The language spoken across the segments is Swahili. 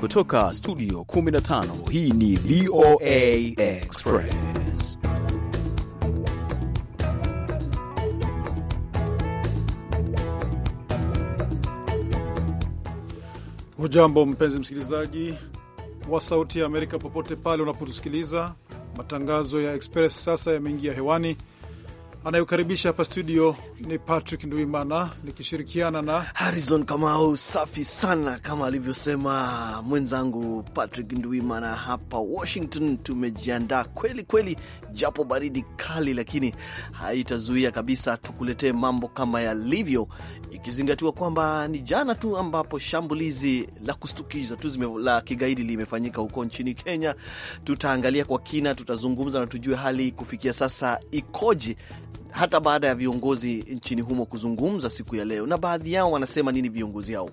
Kutoka studio 15 hii ni VOA Express. Hujambo mpenzi msikilizaji wa Sauti ya Amerika, popote pale unapotusikiliza. Matangazo ya Express sasa yameingia hewani Anayokaribisha hapa studio ni Patrick Nduimana nikishirikiana na Harrison Kamau. Safi sana, kama alivyosema mwenzangu Patrick Nduimana. Hapa Washington tumejiandaa kweli kweli, japo baridi kali, lakini haitazuia kabisa tukuletee mambo kama yalivyo, ikizingatiwa kwamba ni jana tu ambapo shambulizi la kustukiza tu la kigaidi limefanyika huko nchini Kenya. Tutaangalia kwa kina, tutazungumza na tujue hali kufikia sasa ikoje hata baada ya viongozi nchini humo kuzungumza siku ya leo. Na baadhi yao wanasema nini viongozi hao?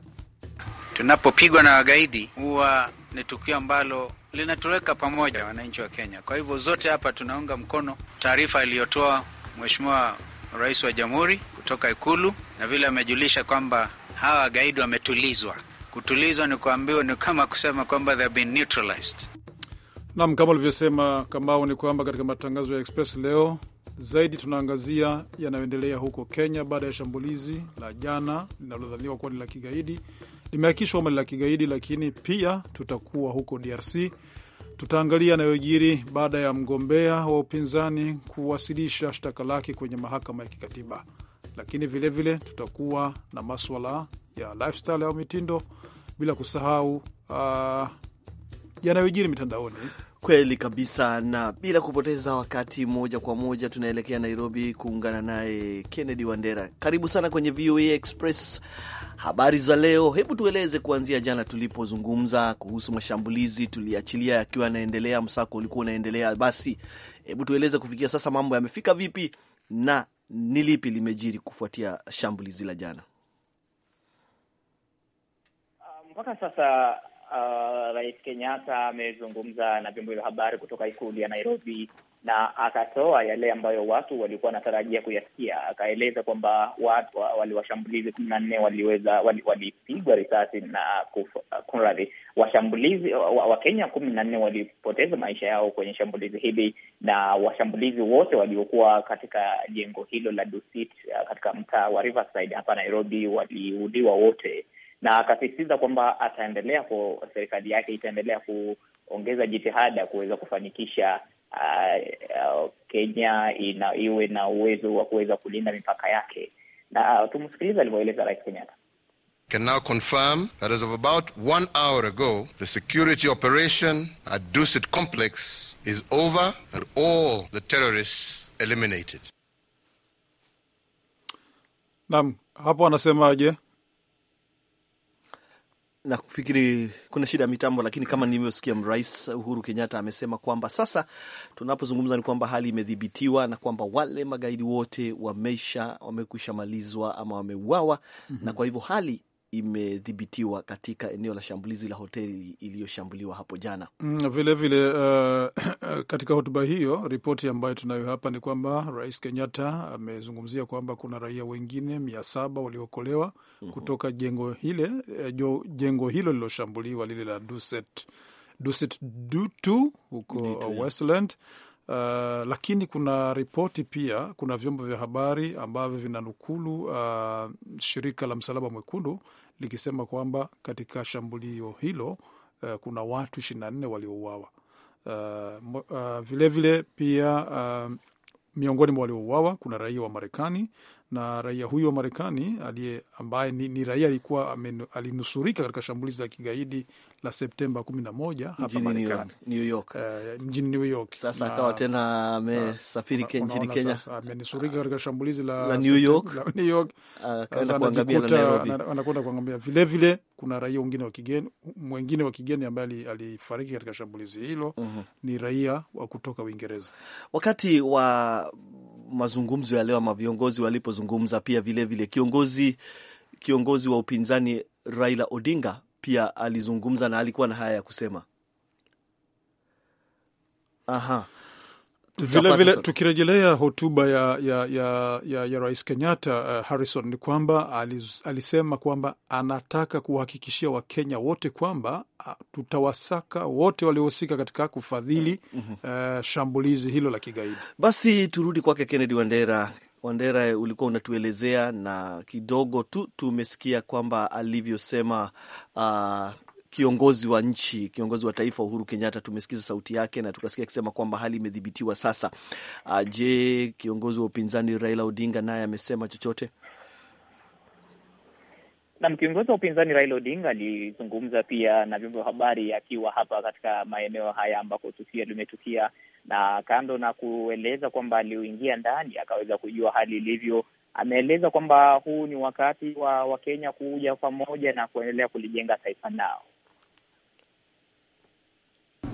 Tunapopigwa na wagaidi huwa ni tukio ambalo linatuweka pamoja wananchi wa Kenya. Kwa hivyo zote hapa tunaunga mkono taarifa aliyotoa Mheshimiwa Rais wa Jamhuri kutoka Ikulu, na vile amejulisha kwamba hawa wagaidi wametulizwa. Kutulizwa ni kuambiwa, ni kama kusema kwamba they have been neutralized. Naam, kama ulivyosema Kamau, ni kwamba katika matangazo ya Express leo zaidi tunaangazia yanayoendelea huko Kenya baada ya shambulizi la jana linalodhaniwa kuwa ni la kigaidi, limeakishwa kama ni la kigaidi, lakini pia tutakuwa huko DRC. Tutaangalia yanayojiri baada ya mgombea wa upinzani kuwasilisha shtaka lake kwenye mahakama ya kikatiba, lakini vilevile vile, tutakuwa na maswala ya lifestyle au mitindo, bila kusahau uh, yanayojiri mitandaoni Kweli kabisa, na bila kupoteza wakati, moja kwa moja tunaelekea Nairobi kuungana naye Kennedy Wandera. Karibu sana kwenye VOA Express. Habari za leo, hebu tueleze kuanzia jana tulipozungumza kuhusu mashambulizi, tuliachilia yakiwa yanaendelea, msako ulikuwa unaendelea. Basi hebu tueleze kufikia sasa mambo yamefika vipi na ni lipi limejiri kufuatia shambulizi la jana ah, mpaka sasa Uh, Rais Kenyatta amezungumza na vyombo vya habari kutoka ikulu ya Nairobi na akatoa yale ambayo watu walikuwa wanatarajia kuyasikia. Akaeleza kwamba watu waliwashambulizi washambulizi kumi na nne waliweza walipigwa risasi na kunradhi, uh, washambulizi Wakenya kumi na nne walipoteza maisha yao kwenye shambulizi hili, na washambulizi wote waliokuwa katika jengo hilo la Dusit uh, katika mtaa wa Riverside hapa Nairobi waliuliwa wote na akasisitiza kwamba ataendelea ku, serikali yake itaendelea kuongeza jitihada kuweza kufanikisha uh, uh, Kenya ina, iwe na uwezo wa kuweza kulinda mipaka yake, na uh, tumsikiliza alivyoeleza Rais Kenyatta. Can now confirm that as of about one hour ago, the security operation at Dusit complex is over and all the terrorists eliminated. Naam, hapo anasemaje? na kufikiri kuna shida ya mitambo, lakini kama nilivyosikia Rais Uhuru Kenyatta amesema kwamba sasa tunapozungumza ni kwamba hali imedhibitiwa na kwamba wale magaidi wote wamesha wamekwisha malizwa ama wameuawa, mm -hmm. na kwa hivyo hali imedhibitiwa katika eneo la shambulizi la hoteli iliyoshambuliwa hapo jana. Vilevile mm, vile, uh, katika hotuba hiyo, ripoti ambayo tunayo hapa ni kwamba Rais Kenyatta amezungumzia kwamba kuna raia wengine mia saba waliokolewa mm -hmm. kutoka jengo hile eh, jengo hilo liloshambuliwa lile la Duset Duset Dutu huko Westland yeah. Uh, lakini kuna ripoti pia, kuna vyombo vya habari ambavyo vinanukulu uh, shirika la Msalaba Mwekundu likisema kwamba katika shambulio hilo uh, kuna watu ishirini na nne waliouawa. Uh, uh, vilevile pia uh, miongoni mwa waliouawa kuna raia wa Marekani na raia huyo wa Marekani ambaye ni, ni raia alikuwa alinusurika katika shambulizi la kigaidi la Septemba 11 hapa Marekani eh, mjini New York. Sasa akawa tena amesafiri nchini Kenya, amenusurika katika shambulizi la New York, ah, anakwenda kuangamia. Vilevile kuna raia mwengine wa kigeni ambaye alifariki katika shambulizi hilo, mhm. ni raia wa kutoka Uingereza wakati wa mazungumzo ya leo ama viongozi walipozungumza, pia vilevile Kiongozi, kiongozi wa upinzani Raila Odinga pia alizungumza na alikuwa na haya ya kusema. Aha vile vile tukirejelea hotuba ya, ya, ya, ya, ya Rais Kenyatta uh, Harrison ni kwamba aliz, alisema kwamba anataka kuwahakikishia Wakenya wote kwamba uh, tutawasaka wote waliohusika katika kufadhili uh, shambulizi hilo la kigaidi. Basi turudi kwake Kennedy Wandera. Wandera, ulikuwa unatuelezea na kidogo tu tumesikia kwamba alivyosema uh, kiongozi wa nchi, kiongozi wa taifa Uhuru Kenyatta, tumesikiza sauti yake na tukasikia akisema kwamba hali imedhibitiwa sasa. Ah, je, kiongozi wa upinzani Raila Odinga naye amesema chochote? Nam, kiongozi wa upinzani Raila Odinga alizungumza pia na vyombo vya habari akiwa hapa katika maeneo haya ambako tukio limetukia, na kando na kueleza kwamba aliuingia ndani akaweza kujua hali ilivyo, ameeleza kwamba huu ni wakati wa Wakenya kuja pamoja na kuendelea kulijenga taifa lao.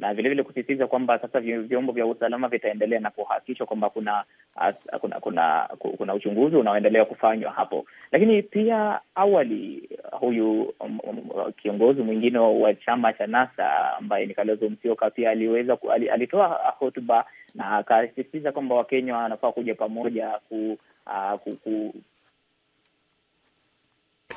na vilevile kusisitiza kwamba sasa vyombo vya usalama vitaendelea na kuhakikisha kwamba kuna, kuna kuna kuna uchunguzi unaoendelea kufanywa hapo. Lakini pia awali, huyu um, um, kiongozi mwingine wa chama cha NASA ambaye ni Kalonzo Musyoka pia aliweza ali, alitoa hotuba na akasisitiza kwamba Wakenya wanafaa kuja pamoja ku, uh, ku, ku...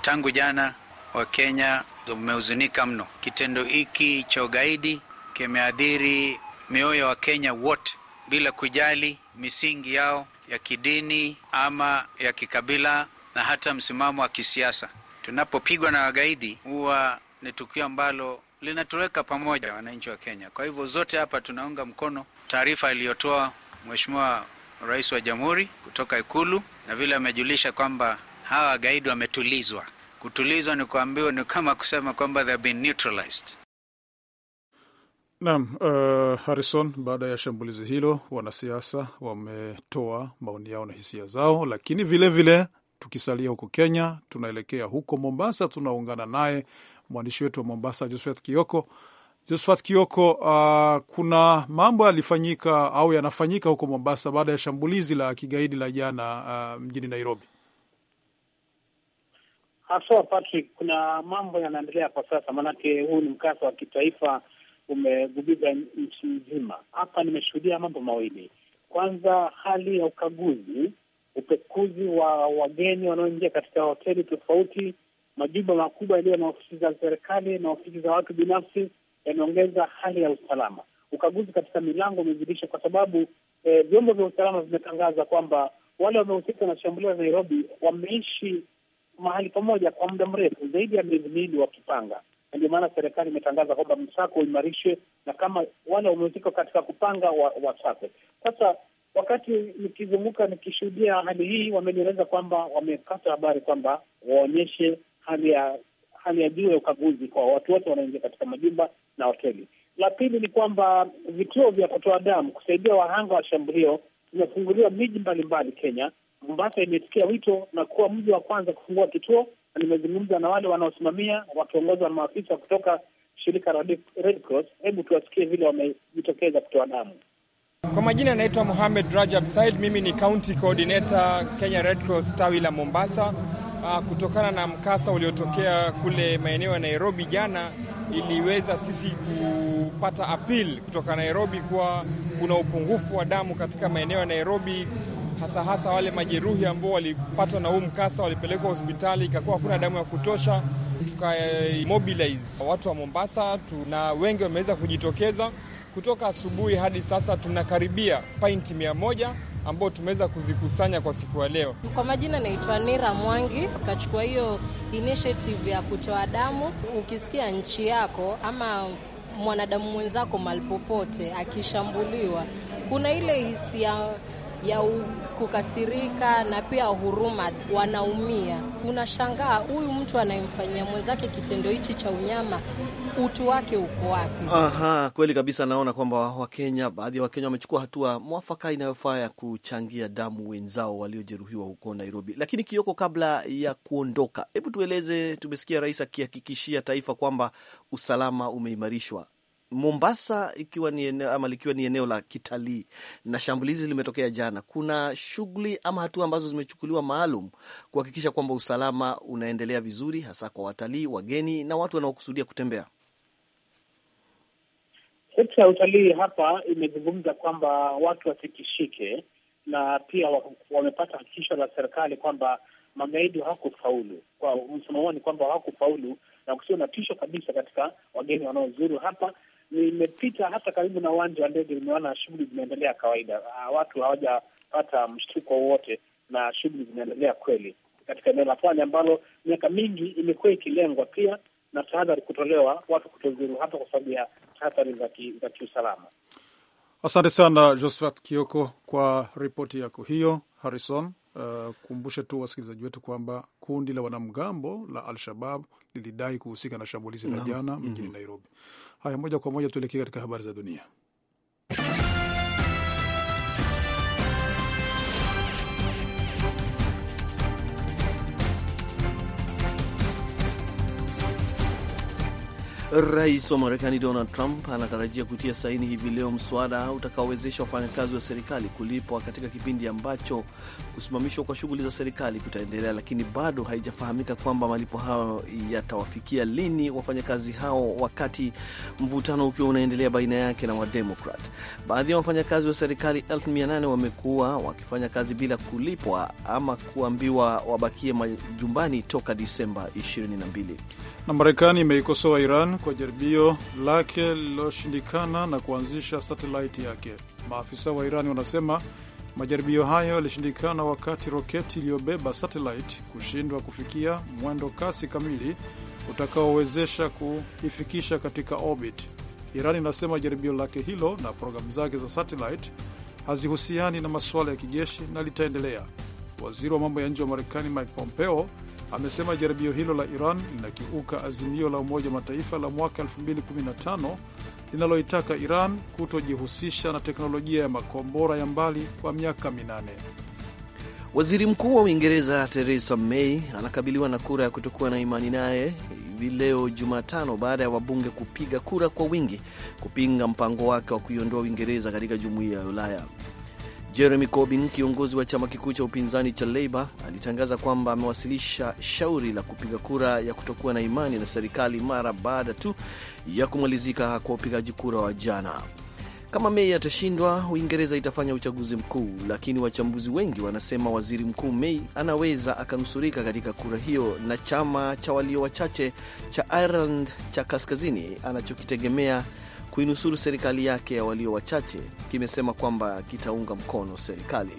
tangu jana Wakenya mmehuzunika mno kitendo hiki cha ugaidi kimeadhiri mioyo ya Wakenya wote bila kujali misingi yao ya kidini ama ya kikabila na hata msimamo wa kisiasa. Tunapopigwa na wagaidi huwa ni tukio ambalo linatuweka pamoja wananchi wa Kenya. Kwa hivyo zote hapa tunaunga mkono taarifa iliyotoa Mheshimiwa Rais wa Jamhuri kutoka Ikulu, na vile amejulisha kwamba hawa wagaidi wametulizwa. Kutulizwa ni kuambiwa, ni kama kusema kwamba they have been neutralized. Naam, uh, Harrison, baada ya shambulizi hilo wanasiasa wametoa maoni yao na hisia zao, lakini vilevile vile, tukisalia huko Kenya tunaelekea huko Mombasa, tunaungana naye mwandishi wetu wa Mombasa Josphat Kioko. Josphat Kioko, uh, kuna mambo yalifanyika au yanafanyika huko Mombasa baada ya shambulizi la kigaidi la jana uh, mjini Nairobi. Haswa Patrick, kuna mambo yanaendelea kwa sasa, maanake huu ni mkasa wa kitaifa umegubika nchi nzima. Hapa nimeshuhudia mambo mawili. Kwanza, hali ya ukaguzi, upekuzi wa wageni wanaoingia katika hoteli tofauti, majumba makubwa yaliyo na ofisi za serikali na ofisi za watu binafsi yameongeza hali ya usalama. Ukaguzi katika milango umezidisha kwa sababu eh, vyombo vya usalama vimetangaza kwamba wale wamehusika na shambulio la Nairobi wameishi mahali pamoja kwa muda mrefu zaidi ya miezi miwili wakipanga na ndio maana serikali imetangaza kwamba msako uimarishwe na kama wale wamehusika katika kupanga wasakwe. wa sasa wakati nikizunguka nikishuhudia hali hii, wamenieleza kwamba wamepata habari kwamba waonyeshe hali ya hali ya juu ya ukaguzi kwa watu wote wanaoingia katika majumba na hoteli. La pili ni kwamba vituo vya kutoa damu kusaidia wahanga wa shambulio vimefunguliwa miji mbalimbali Kenya. Mombasa imesikia wito na kuwa mji wa kwanza kufungua kituo nimezungumza na wale wanaosimamia wakiongozwa na maafisa kutoka shirika la Red Cross. Hebu tuwasikie vile wamejitokeza kutoa damu. Kwa majina anaitwa Mohamed Rajab Said, mimi ni county coordinator Kenya Red Cross tawi la Mombasa. Ah, kutokana na mkasa uliotokea kule maeneo ya Nairobi jana, iliweza sisi kupata appeal kutoka Nairobi kuwa kuna upungufu wa damu katika maeneo ya Nairobi hasa hasa wale majeruhi ambao walipatwa na huu mkasa, walipelekwa hospitali, ikakuwa hakuna damu ya kutosha, tukamobilize watu wa Mombasa, na wengi wameweza kujitokeza kutoka asubuhi hadi sasa tunakaribia painti mia moja ambao tumeweza kuzikusanya kwa siku ya leo. Kwa majina naitwa Nira Mwangi, ukachukua hiyo initiative ya kutoa damu. Ukisikia nchi yako ama mwanadamu mwenzako malipopote popote akishambuliwa, kuna ile hisia ya kukasirika na pia huruma, wanaumia. Unashangaa huyu mtu anayemfanyia mwenzake kitendo hichi cha unyama, utu wake uko wapi? Aha, kweli kabisa. Naona kwamba Wakenya, baadhi ya Wakenya wamechukua hatua mwafaka inayofaa ya kuchangia damu wenzao waliojeruhiwa huko Nairobi. Lakini Kioko, kabla ya kuondoka, hebu tueleze, tumesikia rais akihakikishia taifa kwamba usalama umeimarishwa. Mombasa ikiwa ni eneo, ama likiwa ni eneo la kitalii na shambulizi limetokea jana, kuna shughuli ama hatua ambazo zimechukuliwa maalum kuhakikisha kwamba usalama unaendelea vizuri, hasa kwa watalii, wageni na watu wanaokusudia kutembea? Sekta ya utalii hapa imezungumza kwamba watu wasikishike, na pia wamepata hakikisho la serikali kwamba magaidi hawakufaulu. Kwa msimamo ni kwamba hawakufaulu na kusio na tisho kabisa katika wageni wanaozuru hapa nimepita hata karibu na uwanja wa ndege, nimeona shughuli zinaendelea kawaida, ah, watu hawajapata mshtuko wowote, na shughuli zinaendelea kweli katika eneo la pwani ambalo miaka mingi imekuwa ikilengwa pia na tahadhari kutolewa, watu kutozuru hata kwa sababu ya tahadhari za kiusalama. Asante sana Josephat Kioko kwa ripoti yako hiyo, Harrison. Uh, kumbushe tu wasikilizaji wetu kwamba kundi la wanamgambo la Al-Shabab lilidai kuhusika na shambulizi la jana mjini mm -hmm. Nairobi. Haya, moja kwa moja tuelekee katika habari za dunia. Rais wa Marekani Donald Trump anatarajia kutia saini hivi leo mswada utakaowezesha wafanyakazi wa serikali kulipwa katika kipindi ambacho kusimamishwa kwa shughuli za serikali kutaendelea, lakini bado haijafahamika kwamba malipo hayo yatawafikia lini wafanyakazi hao, wakati mvutano ukiwa unaendelea baina yake na Wademokrat. Baadhi ya wafanyakazi wa serikali elfu mia nane wamekuwa wakifanya kazi bila kulipwa ama kuambiwa wabakie majumbani toka Disemba 22. Na Marekani imeikosoa Iran kwa jaribio lake lililoshindikana na kuanzisha satelaiti yake. Maafisa wa Iran wanasema majaribio hayo yalishindikana wakati roketi iliyobeba satelaiti kushindwa kufikia mwendo kasi kamili utakaowezesha kuifikisha katika orbit. Iran inasema jaribio lake hilo na programu zake za satelaiti hazihusiani na masuala ya kijeshi na litaendelea. Waziri wa mambo ya nje wa Marekani Mike Pompeo amesema jaribio hilo la Iran linakiuka azimio la Umoja wa Mataifa la mwaka 2015 linaloitaka Iran kutojihusisha na teknolojia ya makombora ya mbali kwa miaka minane. Waziri Mkuu wa Uingereza Theresa May anakabiliwa na kura ya kutokuwa na imani naye hivi leo Jumatano baada ya wabunge kupiga kura kwa wingi kupinga mpango wake wa kuiondoa Uingereza katika jumuiya ya Ulaya. Jeremy Corbyn, kiongozi wa chama kikuu cha upinzani cha Leiba, alitangaza kwamba amewasilisha shauri la kupiga kura ya kutokuwa na imani na serikali mara baada tu ya kumalizika kwa upigaji kura wa jana. Kama Mei atashindwa, Uingereza itafanya uchaguzi mkuu, lakini wachambuzi wengi wanasema waziri mkuu Mei anaweza akanusurika katika kura hiyo na chama cha walio wachache cha Ireland cha kaskazini anachokitegemea kuinusuru serikali yake ya walio wachache, kimesema kwamba kitaunga mkono serikali.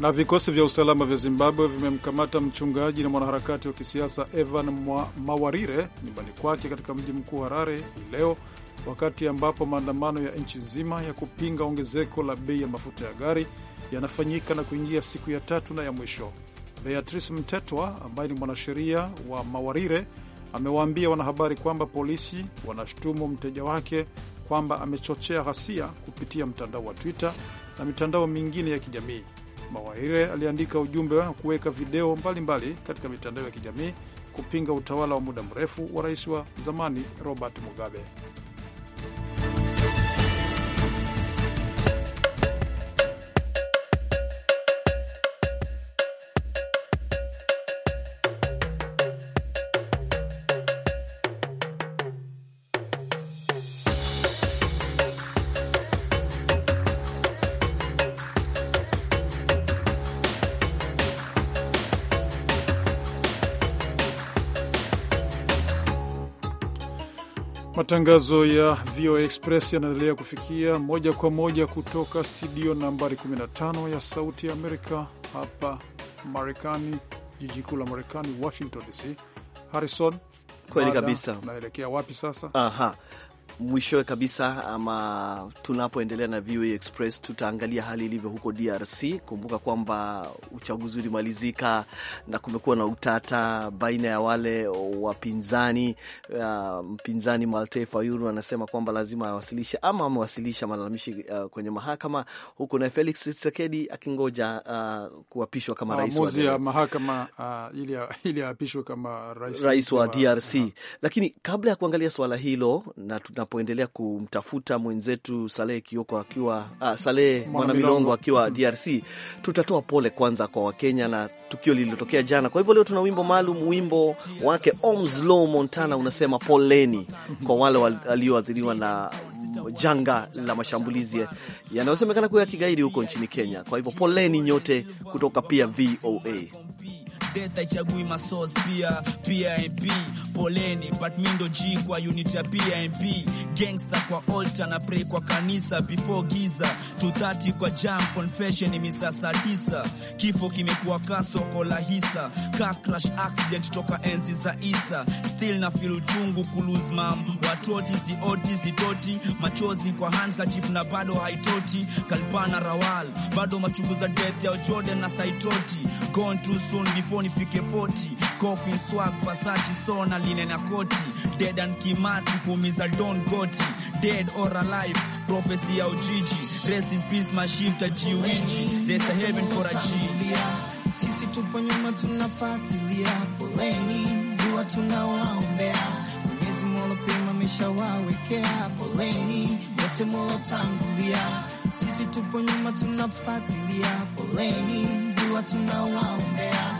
Na vikosi vya usalama vya Zimbabwe vimemkamata mchungaji na mwanaharakati wa kisiasa Evan Mawarire nyumbani kwake katika mji mkuu Harare hii leo wakati ambapo maandamano ya nchi nzima ya kupinga ongezeko la bei ya mafuta ya gari yanafanyika na kuingia siku ya tatu na ya mwisho. Beatrice Mtetwa ambaye ni mwanasheria wa Mawarire amewaambia wanahabari kwamba polisi wanashtumu mteja wake kwamba amechochea ghasia kupitia mtandao wa Twitter na mitandao mingine ya kijamii. Mawaire aliandika ujumbe wa kuweka video mbalimbali mbali katika mitandao ya kijamii kupinga utawala wa muda mrefu wa rais wa zamani Robert Mugabe. Matangazo ya VOA Express yanaendelea kufikia moja kwa moja kutoka studio nambari 15 ya Sauti ya Amerika hapa Marekani, jiji kuu la Marekani, Washington DC. Harrison, kweli kabisa, naelekea wapi sasa? Aha mwishowe kabisa, ama tunapoendelea na VOA Express tutaangalia hali ilivyo huko DRC. Kumbuka kwamba uchaguzi ulimalizika na kumekuwa na utata baina ya wale wapinzani. Uh, mpinzani malte Fayulu anasema kwamba lazima awasilishe ama amewasilisha malalamishi uh, kwenye mahakama, huku naye Felix Tshisekedi akingoja uh, kuapishwa kama rais wa ya mahakama uh, ili, aapishwe kama rais, rais wa DRC. Lakini kabla ya kuangalia swala hilo na tuna tunapoendelea kumtafuta mwenzetu Saleh Kioko akiwa uh, Saleh Mwana akiwa mm-hmm. DRC. Tutatoa pole kwanza kwa Wakenya na tukio lililotokea jana. Kwa hivyo leo tuna wimbo maalum, wimbo wake Omslow Montana unasema poleni kwa wale walioathiriwa na janga la mashambulizi yanayosemekana kuwa ya kigaidi huko nchini Kenya. Kwa hivyo poleni nyote kutoka pia VOA deta ichagui masos pia PIMP poleni but mindo G kwa unit ya PIMP gangster kwa altar na pray kwa kanisa before giza 230 kwa jam confession misa sadisa tisa kifo kimekuwa kaso kwa lahisa car crash accident toka enzi za Isa still na feel uchungu kulose mam watoti zi oti zi toti machozi kwa handkerchief na bado haitoti kalpana rawal bado machungu za death ya Jordan na saitoti gone too soon before Leo nipike 40 coffin swag Versace Stone na Line na koti Dead and Kimathi kumiza Don Koti, dead or alive prophecy ya ujiji rest in peace mashifta jiwiji there's a heaven for a G sisi tupo nyuma tunafuatilia poleni dua tunawaombea Mwenyezi Mola misha wawekea, poleni yote wote tangulia. sisi tupo nyuma tunafuatilia poleni dua tunawaombea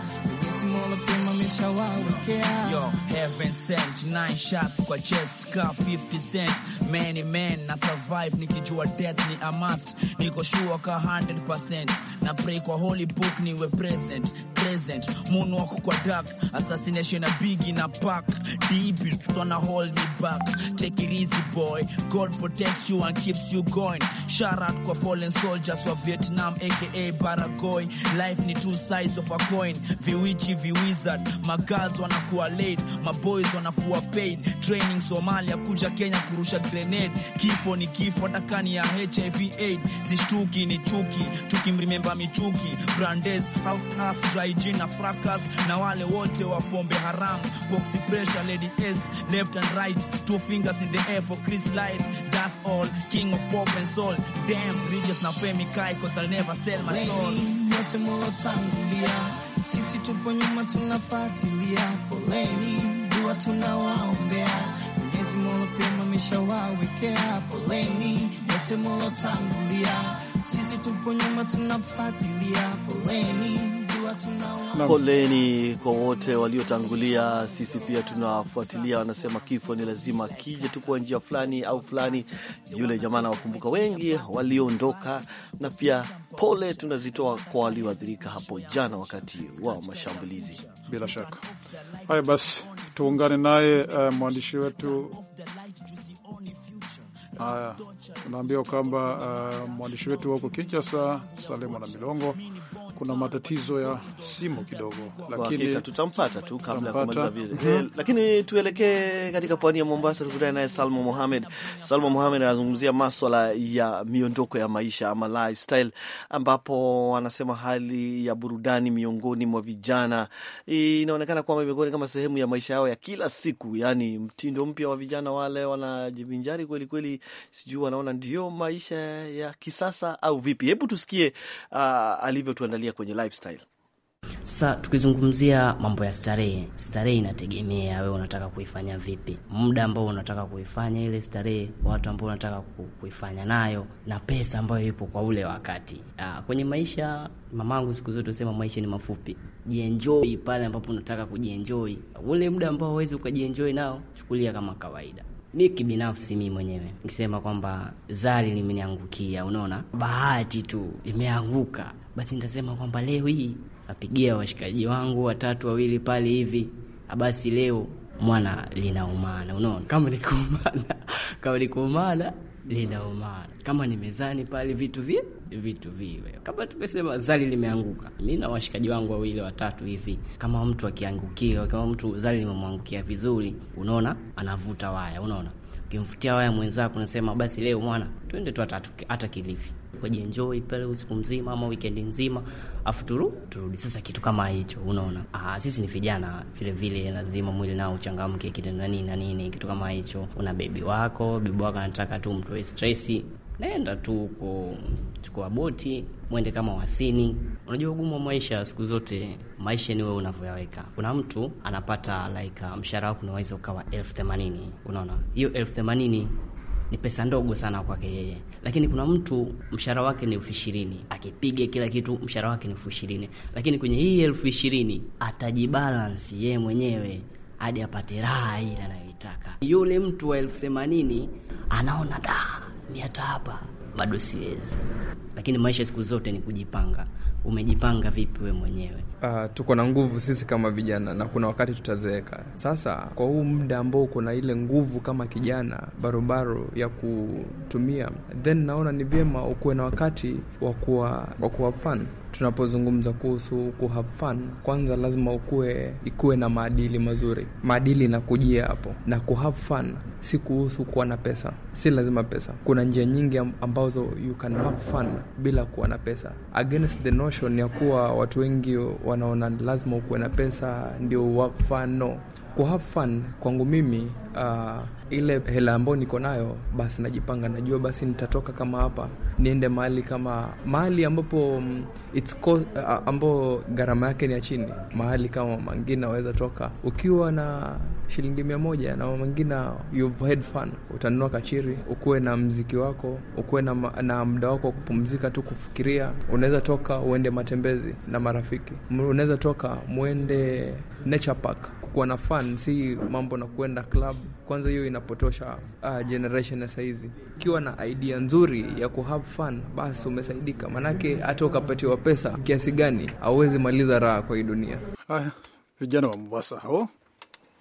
smaller pima nishawawekea yo heaven sent nine shots kwa chest ka 50 cent many men na survive nikijua death ni amast niko sure ka 100% na pray kwa holy book we present present moonwalk kwa dark assassination a big in a pack deep gonna hold me back take it easy boy god protects you and keeps you going shout out kwa fallen soldiers wa vietnam aka baragoy life ni two sides of a coin viwiji TV wizard, magaz wanakuwa late, maboys wanakuwa paid, training Somalia kuja Kenya kurusha grenade. Kifo ni kifo, hata kani ya HIV aid, zishtuki ni chuki, chuki mrimemba michuki brandes dry gin na fracas na wale wote wa pombe haramu, boxy pressure, lady s left and right, two fingers in the air for Chris Light. That's all, king of pop and soul. Damn, riches na femi kai, cause I'll never sell my soul yote mulotangulia, sisi tupo nyuma tunafatilia. Poleni dua tunawaombea, Mwenyezi Mola pema ameshawawekea. Poleni yote mulotangulia, sisi tupo nyuma tunafatilia. Poleni Poleni kwa wote waliotangulia. Sisi pia tunafuatilia, wanasema kifo ni lazima kije tu kwa njia fulani au fulani. Yule jamaa nawakumbuka wengi walioondoka, na pia pole tunazitoa kwa walioathirika hapo jana wakati wa mashambulizi. Bila shaka, haya basi, tuungane naye uh, mwandishi wetu haya, unaambia kwamba uh, mwandishi wetu wa huko Kinshasa, na Milongo kuna matatizo ya simu kidogo, lakini tutampata tu kabla ya kumaliza vile. Mhm. Eh, lakini tuelekee katika pwani ya Mombasa, tukutane naye Salma Mohamed. Salma Mohamed anazungumzia maswala ya miondoko ya maisha ama lifestyle, ambapo anasema hali ya burudani miongoni mwa vijana eh, inaonekana kwamba imekuwa kama sehemu ya maisha yao ya kila siku, yani mtindo mpya wa vijana wale wanajivinjari kweli kweli, sijui wanaona ndio maisha ya kisasa au vipi? Hebu tusikie uh, alivyotuandalia kuangalia kwenye lifestyle? Sa tukizungumzia mambo ya starehe, starehe inategemea wewe unataka kuifanya vipi, muda ambao unataka kuifanya ile starehe, watu ambao unataka kuifanya nayo, na pesa ambayo ipo kwa ule wakati. Aa, ah, kwenye maisha, mamangu siku zote usema maisha ni mafupi, jienjoi pale ambapo unataka kujienjoi. Ule muda ambao uwezi ukajienjoi nao, chukulia kama kawaida. Mi kibinafsi mi mwenyewe nikisema kwamba zari limeniangukia, unaona bahati tu imeanguka basi nitasema kwamba leo hii apigia washikaji wangu watatu wawili pale hivi, basi leo mwana linaumana. Unaona, kama nikuumana kama nikuumana linaumana, kama ni mezani pale vitu vi vitu viwe, kama tumesema zali limeanguka, mi na washikaji wangu wawili watatu hivi, kama mtu akiangukia, kama mtu zali limemwangukia vizuri, unaona, anavuta waya, unaona, ukimvutia waya mwenzako unasema basi leo mwana, twende tu hata kilivi kujienjoy pale usiku mzima ama wikendi nzima, afu turu turudi. Sasa kitu kama hicho, unaona ah, sisi ni vijana vile vile, lazima mwili nao uchangamke, kitendo nini na nini, kitu kama hicho. Una bebi wako, bebi wako anataka tu mtoe stress, naenda tu uko chukua boti mwende kama wasini. Unajua ugumu wa maisha siku zote, maisha ni wewe unavyoyaweka. Kuna mtu anapata like mshahara wako unaweza ukawa elfu themanini unaona, hiyo elfu themanini ni pesa ndogo sana kwake yeye, lakini kuna mtu mshahara wake ni elfu ishirini akipiga kila kitu, mshahara wake ni elfu ishirini lakini kwenye hii elfu ishirini atajibalansi yeye mwenyewe hadi apate raha ile anayoitaka. Yule mtu wa elfu themanini anaona da, ni hata hapa bado siwezi, lakini maisha siku zote ni kujipanga umejipanga vipi we mwenyewe? Uh, tuko na nguvu sisi kama vijana na kuna wakati tutazeeka. Sasa kwa huu muda ambao uko na ile nguvu kama kijana barobaro ya kutumia, then naona ni vyema ukuwe na wakati wa kuwa fun tunapozungumza kuhusu ku have fun, kwanza lazima ukue ikuwe na maadili mazuri. Maadili kujia hapo, na ku have fun si kuhusu kuwa na pesa, si lazima pesa. Kuna njia nyingi ambazo you can have fun bila kuwa na pesa, against the notion ya kuwa watu wengi wanaona lazima ukuwe na pesa ndio have fun. No, kwa have fun kwangu mimi uh, ile hela ambayo niko nayo basi najipanga, najua basi nitatoka kama hapa niende mahali kama mahali ambapo mm, it's cost, uh, uh ambao gharama yake ni ya chini, mahali kama Mangina waweza toka ukiwa na shilingi mia moja na Mangina you've had fun. Utanunua kachiri, ukuwe na mziki wako, ukuwe na, na muda wako wa kupumzika tu, kufikiria. Unaweza toka uende matembezi na marafiki, unaweza toka mwende nature park, kukuwa na fun fan, si mambo na kuenda club. Kwanza hiyo inapotosha uh, generation ya saizi. Ukiwa na idea nzuri ya ku have fun, basi umesaidika, manake hata ukapatiwa pesa kiasi gani hauwezi maliza raha kwa hii dunia. Haya, vijana wa Mombasa ho,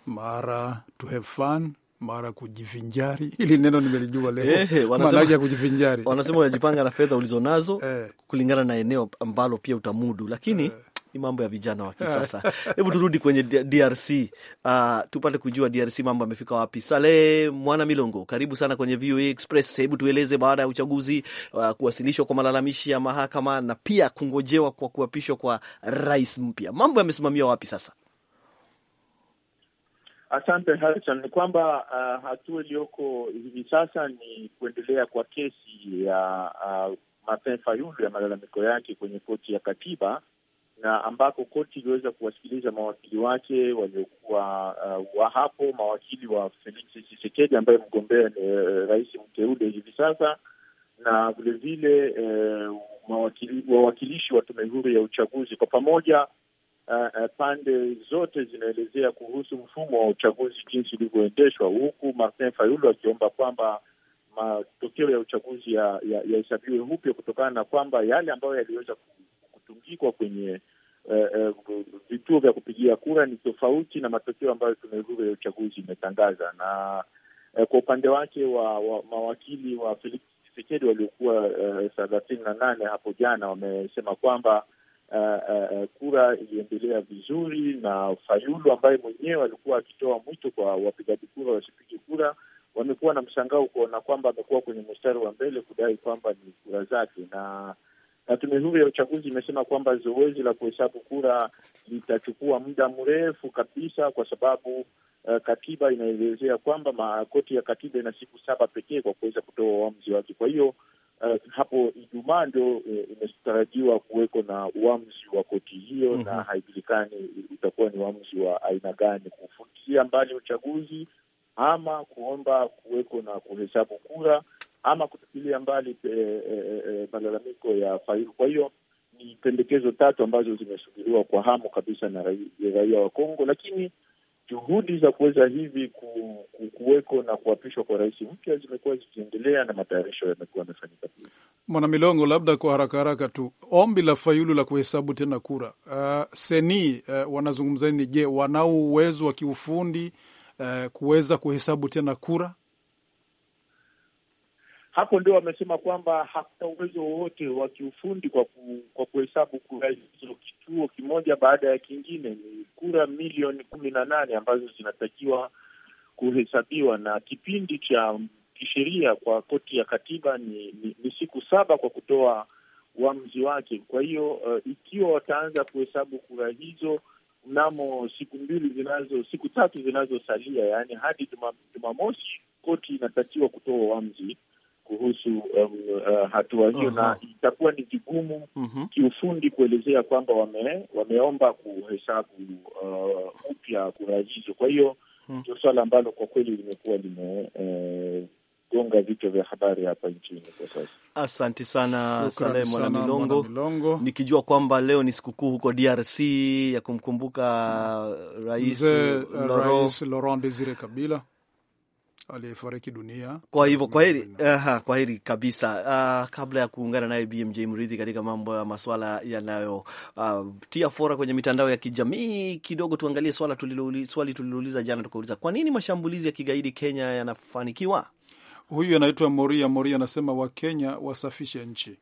mara to have fun mara kujivinjari, ili neno nimelijua leo hey, hey, maanake ya kujivinjari wanasema unajipanga na fedha ulizonazo hey, eh. kulingana na eneo ambalo pia utamudu, lakini hey eh ni mambo ya vijana wa kisasa. Hebu turudi kwenye DRC, uh, ah, tupate kujua DRC mambo yamefika wapi. Sale Mwana Milongo, karibu sana kwenye VOA Express. Hebu tueleze baada ya uchaguzi, uh, kuwasilishwa kwa malalamishi ya mahakama na pia kungojewa kwa kuapishwa kwa rais mpya, mambo yamesimamia wapi sasa? Asante Harison, ni kwamba uh, hatua iliyoko hivi sasa ni kuendelea kwa kesi ya uh, Martin Fayulu ya malalamiko yake kwenye koti ya katiba na ambako koti iliweza kuwasikiliza mawakili wake waliokuwa uh, wa hapo, mawakili wa Felix Tshisekedi ambaye mgombea ni uh, rais mteule hivi sasa, na vilevile uh, mawakili, wawakilishi wa tume huru ya uchaguzi. Kwa pamoja uh, uh, pande zote zinaelezea kuhusu mfumo wa uchaguzi jinsi ulivyoendeshwa, huku Martin Fayulu akiomba kwamba matokeo ya uchaguzi yahesabiwe ya, ya upya kutokana na kwamba yale ambayo yaliweza kutungikwa kwenye Eh, eh, vituo vya kupigia kura ni tofauti na matokeo ambayo tume huru ya uchaguzi imetangaza. Na eh, kwa upande wake wa, wa mawakili wa Felix Tshisekedi waliokuwa eh, thelathini na nane hapo jana wamesema kwamba eh, eh, kura iliendelea vizuri na Fayulu ambaye mwenyewe alikuwa akitoa mwito kwa wapigaji kura wasipige kura, wamekuwa na mshangao kuona kwamba amekuwa kwenye mstari wa mbele kudai kwamba ni kura zake, na na tume huru ya uchaguzi imesema kwamba zoezi la kuhesabu kura litachukua muda mrefu kabisa, kwa sababu uh, katiba inaelezea kwamba makoti ya katiba ina siku saba pekee kwa kuweza kutoa uamuzi wake. Kwa hiyo uh, hapo Ijumaa ndio uh, imetarajiwa kuweko na uamuzi wa koti hiyo mm -hmm. na haijulikani utakuwa ni uamuzi wa aina gani, kufutia mbali uchaguzi ama kuomba kuweko na kuhesabu kura ama kutupilia mbali e, e, malalamiko ya faru. Kwa hiyo ni pendekezo tatu ambazo zimesubiriwa kwa hamu kabisa na raia wa Kongo, lakini juhudi za kuweza hivi ku, kuweko na kuapishwa kwa rais mpya zimekuwa zikiendelea na matayarisho yamekuwa yamefanyika. Pia Mwana Milongo, labda kwa haraka haraka tu, ombi la Fayulu la kuhesabu tena kura, uh, seni uh, wanazungumza nini? Je, wanao uwezo wa kiufundi uh, kuweza kuhesabu tena kura hapo ndio wamesema kwamba hakuna uwezo wowote wa kiufundi kwa ku, kwa kuhesabu kura hizo kituo kimoja baada ya kingine. Ni kura milioni kumi na nane ambazo zinatakiwa kuhesabiwa na kipindi cha kisheria kwa koti ya katiba ni, ni, ni siku saba kwa kutoa uamuzi wake. Kwa hiyo uh, ikiwa wataanza kuhesabu kura hizo mnamo siku mbili zinazo siku tatu zinazosalia, yaani hadi Jumamosi, koti inatakiwa kutoa uamuzi kuhusu um, uh, hatua hiyo uh -huh. Na itakuwa ni vigumu uh mhm. -huh. kiufundi kuelezea kwamba wame, wameomba kuhesabu uh, upya kura hizo. Kwa hiyo hmm. ndio uh -huh. swala ambalo kwa kweli limekuwa lime uh, vya habari hapa nchini kwa sasa. Asante sana Saleh Mwanamilongo, nikijua kwamba leo ni sikukuu huko DRC ya kumkumbuka uh, uh, Rais Laurent Desire Kabila aliyefariki dunia. Kwa hivyo kwa heri, uh, kwa heri kabisa. Uh, kabla ya kuungana naye BMJ Mridhi katika mambo ya maswala yanayotia ah, uh, fora kwenye mitandao ya kijamii kidogo, tuangalie swala tuliloli, swali tulilouliza jana, tukauliza kwa nini mashambulizi ya kigaidi Kenya yanafanikiwa? Huyu anaitwa Moria Moria, anasema Wakenya wasafishe nchi.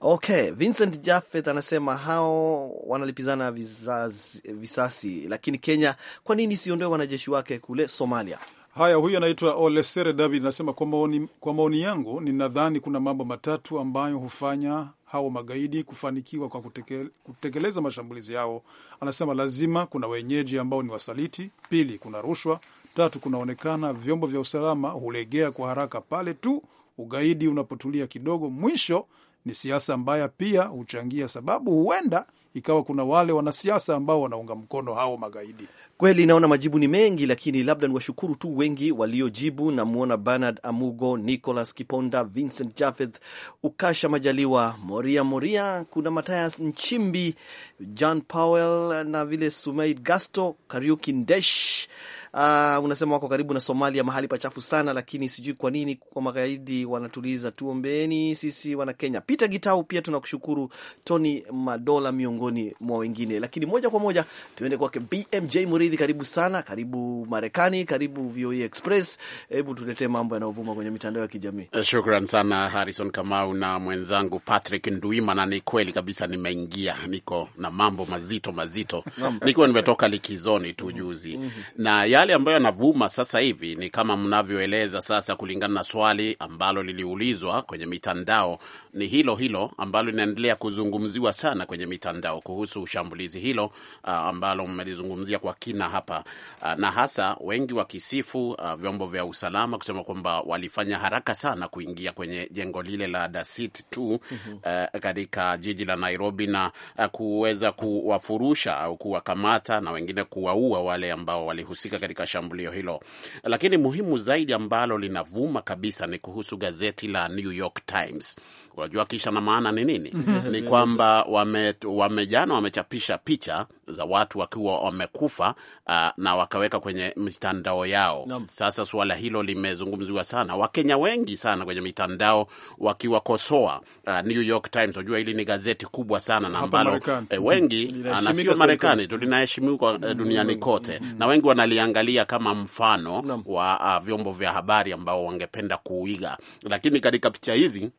Okay, Vincent Jafeth anasema hao wanalipizana visasi, visasi lakini Kenya kwa nini siondoe wanajeshi wake kule Somalia? Haya, huyu anaitwa Olesere David anasema kwa maoni, kwa maoni yangu ninadhani kuna mambo matatu ambayo hufanya hawa magaidi kufanikiwa kwa kuteke, kutekeleza mashambulizi yao. Anasema lazima kuna wenyeji ambao ni wasaliti, pili kuna rushwa, tatu kunaonekana vyombo vya usalama hulegea kwa haraka pale tu ugaidi unapotulia kidogo, mwisho ni siasa mbaya pia huchangia, sababu huenda ikawa kuna wale wanasiasa ambao wanaunga mkono hao magaidi. Kweli naona majibu ni mengi, lakini labda niwashukuru tu wengi waliojibu. Namwona Bernard Amugo, Nicolas Kiponda, Vincent Japheth, Ukasha Majaliwa, Moria Moria, kuna Matayas Nchimbi, John Powell na vile Sumaid Gasto Kariuki Ndesh. Uh, unasema wako karibu na Somalia, mahali pachafu sana, lakini sijui kwa nini kwa magaidi wanatuliza. Tuombeeni sisi wana Kenya. Peter Gitau pia tunakushukuru, Tony Madola miongoni mwa wengine, lakini moja kwa moja tuende kwake BMJ Muri Mridhi, karibu sana, karibu Marekani, karibu VOA e Express. Hebu tuletee mambo yanayovuma kwenye mitandao ya kijamii. Eh, shukran sana Harrison Kamau na mwenzangu Patrick Nduima, na ni kweli kabisa, nimeingia niko na mambo mazito mazito nikiwa nimetoka likizoni tu juzi, mhm. na yale ambayo yanavuma sasa hivi ni kama mnavyoeleza sasa, kulingana na swali ambalo liliulizwa kwenye mitandao ni hilo hilo ambalo linaendelea kuzungumziwa sana kwenye mitandao kuhusu shambulizi hilo uh, ambalo mmelizungumzia kwa kina hapa uh, na hasa wengi wakisifu uh, vyombo vya usalama kusema kwamba walifanya haraka sana kuingia kwenye jengo lile la Dasit 2 uh, mhm. katika jiji la Nairobi na uh, kuweza kuwafurusha au kuwakamata na wengine kuwaua wale ambao walihusika katika shambulio hilo, lakini muhimu zaidi ambalo linavuma kabisa ni kuhusu gazeti la New York Times wajua kisha na maana ni nini? Mhm. Ni kwamba wame, wame wamechapisha picha za watu wakiwa wamekufa uh, na wakaweka kwenye mitandao yao Nam. Sasa suala hilo limezungumziwa sana, Wakenya wengi sana kwenye mitandao wakiwakosoa uh, New York Times. Unajua hili ni gazeti kubwa sana na ambalo eh, wengi uh, na sio Marekani tu linaheshimiwa uh, mm-hmm. duniani mm-hmm. kote, mm-hmm. na wengi wanaliangalia kama mfano Nam. wa uh, vyombo vya habari ambao wangependa kuiga, lakini katika picha hizi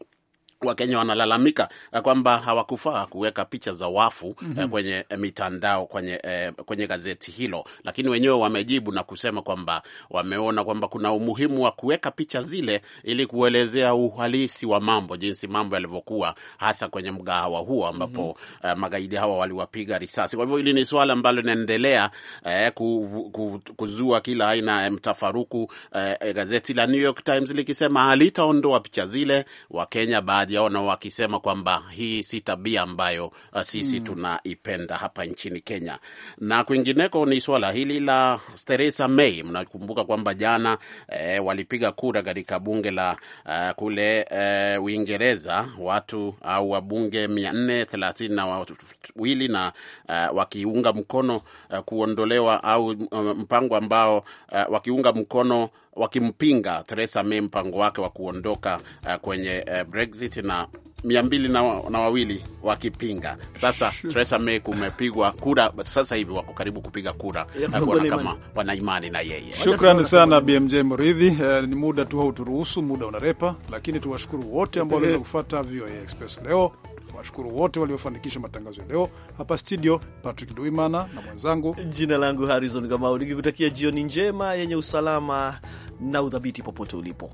Wakenya wanalalamika eh, kwamba hawakufaa kuweka picha za wafu mm -hmm. kwenye eh, mitandao kwenye, kwenye gazeti hilo, lakini wenyewe wamejibu na kusema kwamba wameona kwamba kuna umuhimu wa kuweka picha zile ili kuelezea uhalisi wa mambo, jinsi mambo yalivyokuwa, hasa kwenye mgahawa huo ambapo mm -hmm. magaidi hawa waliwapiga risasi. Kwa hivyo hili ni suala ambalo linaendelea eh, kuzua kila aina ya mtafaruku, eh, gazeti la New York Times likisema halitaondoa picha zile Wakenya baada najiona wakisema kwamba hii si tabia ambayo uh, sisi mm. tunaipenda hapa nchini Kenya. Na kwingineko ni swala hili la Theresa May. Mnakumbuka kwamba jana eh, walipiga kura katika bunge la uh, kule eh, Uingereza, watu au uh, wabunge mia nne thelathini na wawili na uh, wakiunga mkono uh, kuondolewa au um, mpango ambao uh, wakiunga mkono wakimpinga Theresa May mpango wake wa kuondoka uh, kwenye uh, Brexit na mia mbili na, na wawili wakipinga. Sasa Theresa May kumepigwa kura, sasa hivi wako karibu kupiga kura na kuona kama wana imani na yeye. Shukrani sana BMJ Mridhi. Uh, eh, ni muda tu hauturuhusu, muda unarepa, lakini tuwashukuru wote ambao waliweza kufata VOA Express leo. Washukuru wote waliofanikisha matangazo ya leo hapa studio, Patrick Duimana na mwenzangu, jina langu Harrison Kamau, nikikutakia jioni njema yenye usalama na udhabiti popote ulipo.